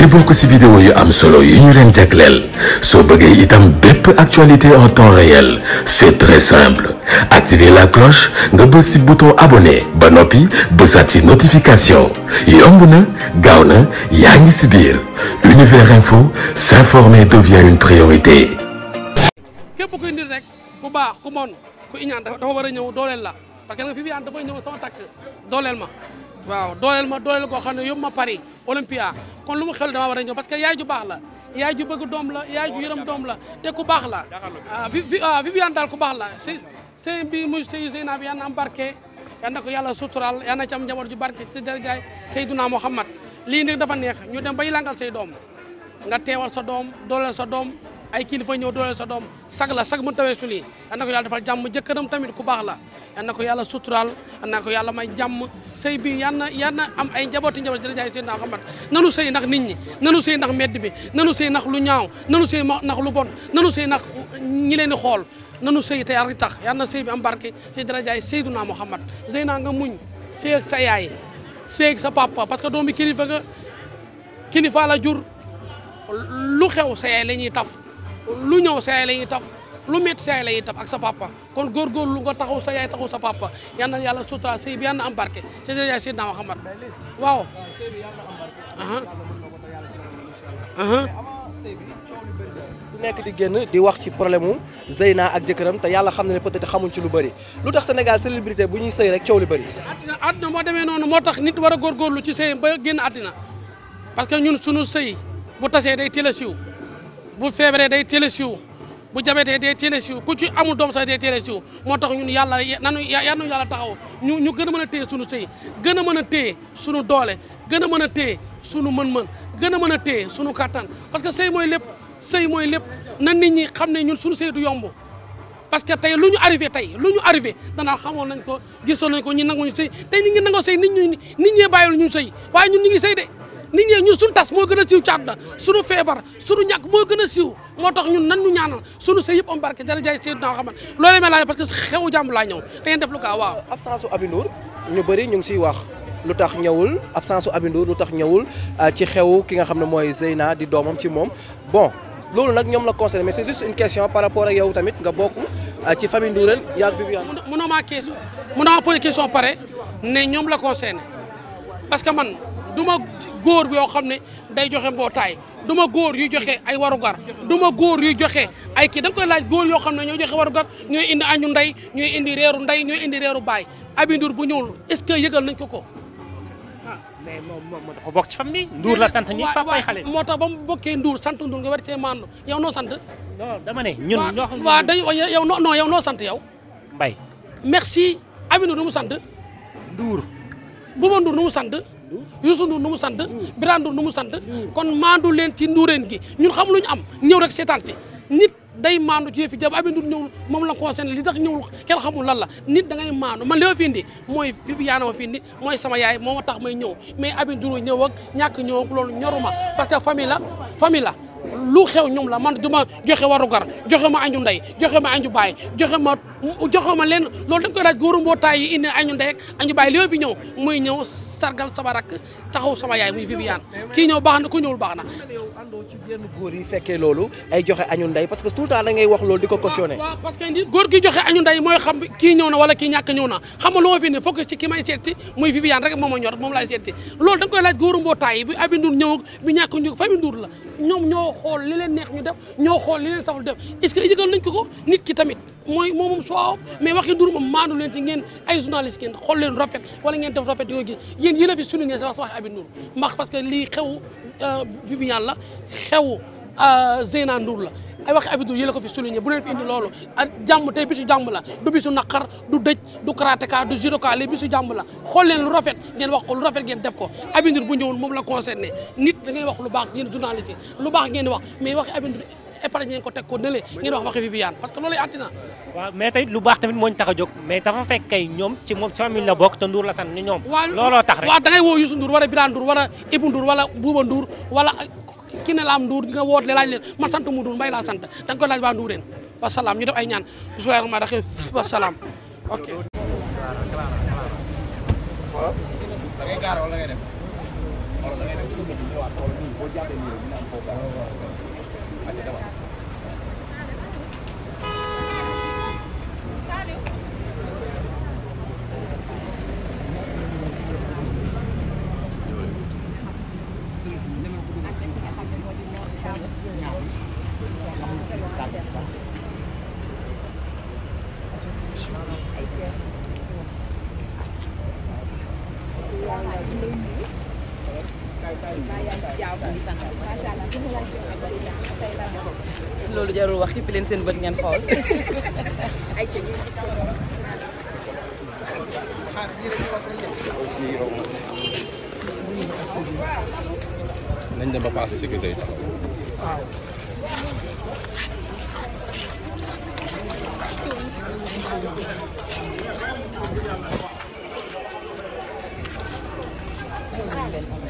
ci bokk si vidéo yu am solo yu ñu leen jagleel soo bëggee itam bépp actualité en temps réel c'est très simple activer la cloche nga bës si bouton abonné ba noppi bësaat si notification yomb na gaaw na yaa ngi si biir univers info s'informer devient une priorité. képp kuy nit rek ku baax ku mon ku iñaan dafa war a ñëw dooleel la parce que fi fi ànd dafay ñëw sama takk dooleel ma. waaw dooleel ma dooleel koo xam ne yóbbu ma Paris Olympia kon lu mu xel damaa war a ñëw parce que yaay ju baax la yaay ju bëgg doom la yaay ju yërëm doom la te ku baax la ah, ah Viviane daal ku baax la si sëñ bi muy sëy sëy naa bi yal na am barke yal na ko yàlla sutural yal na ci am njaboot ju barke ci darajaay Seydina Muhammad lii nag dafa neex ñu dem ba bay langal say doom nga teewal sa doom dooleel sa doom ay kilifa ñëw dooleel sa doom sag la sag mu tawee su lii yal na ko yàlla defal jàmm jëkkëram tamit ku baax la yal na ko yàlla suturaal yal na ko yàlla may jàmm sëy bi yal na yal na am ay njabooti njaboot jërëjëf sëy naa xamat nanu sëy ndax nit ñi nanu sëy ndax medd bi nanu sëy ndax lu ñaaw nanu sëy ndax lu bon nanu sëy ndax ñi leen di xool nanu sëy te yàlla tax yal na sëy bi am barke si darajaay Seyduna Muhammad sëy naa nga muñ sëy sa yaay sëy sa papa parce que doom bi kilifa nga la jur lu xew sa yaay la ñuy taf lu ñëw sa yaay la ñuy taf lu métti sa la ñuy taf ak sa papa kon góorgóorlu nga taxaw sa yaay taxaw sa papa yal na yàlla sutura sëy bi yal na am barke si dara yaay Seydina Muhammad waaw. u nekk di génn di wax ci problème mu Zeyna ak jëkkëram te yàlla xam na ne peut-être xamuñ ci lu bari lu tax Sénégal célébrité bu ñuy sëy rek coow li bari àddina àddina moo demee noonu moo tax nit war a góorgóorlu ci sëy ba génn àddina parce que ñun sunu sëy bu tasee day teel a siiw bu feebaree day teel a siiw bu jabetee day teel a siiw ku ci amul doom sax day teel a siiw moo tax ñun yàlla nanu yàlla yàlla taxaw ñu ñu gën a mën a téye sunu sëy gën a mën a téye sunu doole gën a mën a téye sunu mën-mën gën a mën a téye sunu kàttan parce que sëy mooy lépp sëy mooy lépp na nit ñi xam ne ñun sunu sëy du yomb parce que tey lu ñu arrivé tey lu ñu arrivé danaa xamoon nañ ko gisoon nañ ko ñi nanguñu sëy tey ñu ngi nangoo sëy nit ñu nit ñee bàyyil ñu sëy waaye ñun ñu ngi sëy de nit ñee ñun suñu tas moo gën a siiw ci àdduna suñu feebar suñu ñàkk moo gën a siiw moo tax ñun nan ñu ñaanal suñu sëy yëpp am barke dara jaay seen naa xaman loolu may laaj parce que u Aby Ndour ñu ñu ngi siy wax lu tax ñawul absence u Aby Ndour lu tax ñawul euh, ci xew ki nga xam ne mooy Zeyna di doomam ci moom bon loolu nag ñoom la concerné mais c'est juste une question par rapport a yow tamit nga bokk euh, ci famille Ndourène yaag Viviane mun maa question mënoo maa posé question pare ne ñoom la concerné parce góor yoo xam ne day joxe mbootaay du ma góor yuy joxe ay warugar du ma góor yuy joxe ay kii da koy laaj góor yoo xam ne ñooy joxe warugar ñooy indi añu ndey ñooy indi reeru ndey ñooy indi reeru baay Aby Ndour bu ñuul est-ce que yëgal nañ ko ko. mais moom moom dafa bokk ci famille Ndour la sant ñi papay xale moo tax ba mu bokkee Ndour sant Ndour nga war cee maandu yow noo sant. non dama ne ñun ñoo xam waaw dañu yow noo non yow noo sant yow. Mbaye. merci Aby Ndour nu mu sant. Ndour. bu ma Ndour nu sant. Youssou Ndour nu mu sant mm. Birane Ndour nu mu sant mm. kon maandu leen ci nduureen gi ñun xam lu ñu am ñëw rek seetaan ci nit day maandu ci yëfi jab abi ndur ñëwul moom la concerné li tax ñëwul kenn xamul lan la nit dangay ngay maandu man li fi indi mooy fi yaana ma fi indi mooy sama yaay moo ma tax may ñëw mais abi ndur ñëw ak ñàkk ñëw ak loolu ñoruma parce que famille la famille la lu xew ñoom la man du ma joxe warugar joxe ma añu ndey joxe ma añu baay joxe ma joxe ma leen loolu dañ koy daaj góoru mbootaay yi indi añu ndey ak añu baay li ma ñëw muy ñëw sargal sama rakk taxaw sama yaay muy Viviane kii ñëw baax na ku ñëwul baax na. yi fekkee loolu ay joxe añu ndey parce que tout le temps da ngay wax loolu di ko cautionné. waaw parce que ndi góor gi joxe añu ndey mooy xam kii ñëw na wala kii ñàkk ñëw na xam a ñor moom laay seeti loolu da nga koy laaj góoru mbootaay yi bi abi nduur ñëw bi ñàkk ñëw fa bi la ñoom ñoo xool li leen neex ñu def ñoo xool li leen saful def est-ce yëgal nañ ko ko nit ki tamit mooy moom moom soo mais waxi dur moom maandu leen ci ngeen ay journaliste ngeen xool leen rafet wala ngeen def rafet yooyu gis yéen yéen fi sunu ngeen sa wax sa parce que lii xew euh, Viviane la xew euh, Zeyna Ndour la ay waxi Aby Ndour yéen a ko fi souligné bu leen fi indi loolu ah, jàmm tey bisu jàmm la du bisu du dëj du karatéka du judoka li bisu la xool leen lu rafet ngeen wax ko lu rafet ngeen def ko Aby Ndour bu ñëwul moom la concerné nit da ngay wax lu baax ngeen journaliste lu baax ngeen wax mais waxi Aby Ndour épargne ngeen ko teg ko nële ngeen wax waxi Viviane parce que loolu ay àddina waaw tey lu baax tamit moo ñu tax a jog mais dafa fekk kay ñoom ci moom ci famille la bokk te Ndour la sant ni ñoom looloo tax rek waaw da ngay woo Youssou Ndour wala Birane Ndour wala Ibou Ndour wala Bouba Ndour wala kii a laam Ndour nga woot le laaj leen man sant mu Ndour mbay laa sant da ko koy laaj waa Ndoureen wasalaam ñu ay ñaan bismillahi rahmani rahim wasalaam ok da ngay Gracias. loolu jarul wax xippi leen seen bët ngeen xool. nañ dem ba passé sécurité yi taxaw. waaw. Thank you.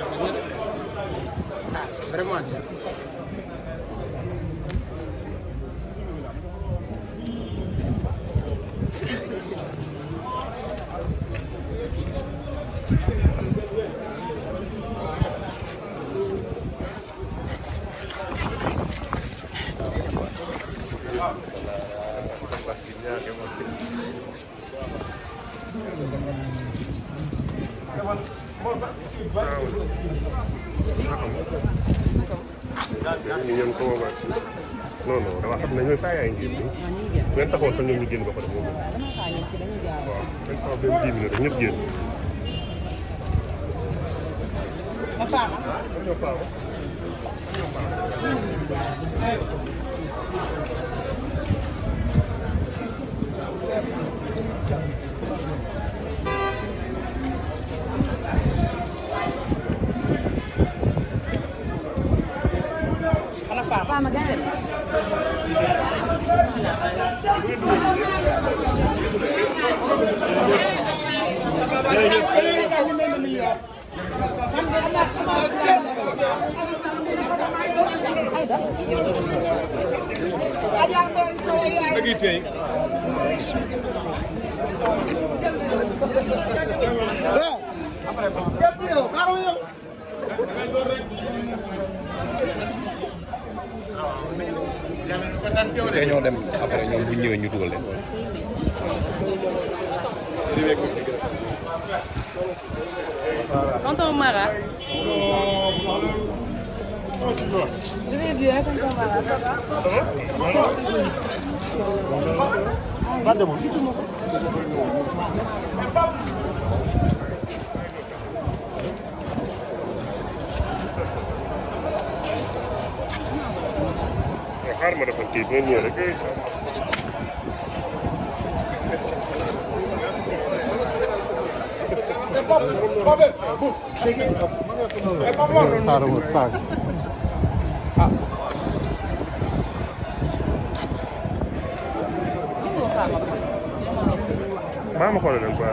vraiment ñu ñoom ko moom non non dama xam ne ñooy taayaay ngir bi su ngeen taxoon sax ñoom ñu génn ba pare moom waaw seen problème dix minutes rek ñëpp génn Papa. dañoo dem après ñoom bu ñëwee ñu dugal leen Je vais bien, comme ça, voilà, ça va. Ça va? Pas xaar ma dafa kii benn yoon rek Papa, papa, papa. Papa, papa. maa ma xoolal leen quoi.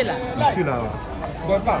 es là. Je suis là. Bon, pas.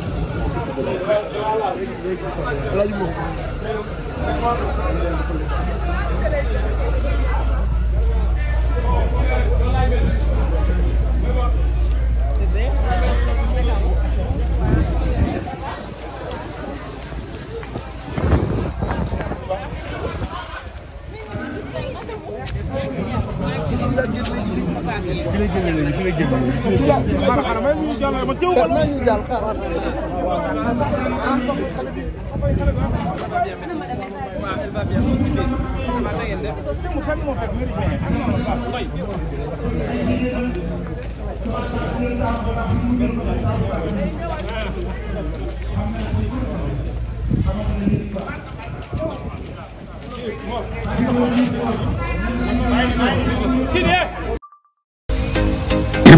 léegi Sidi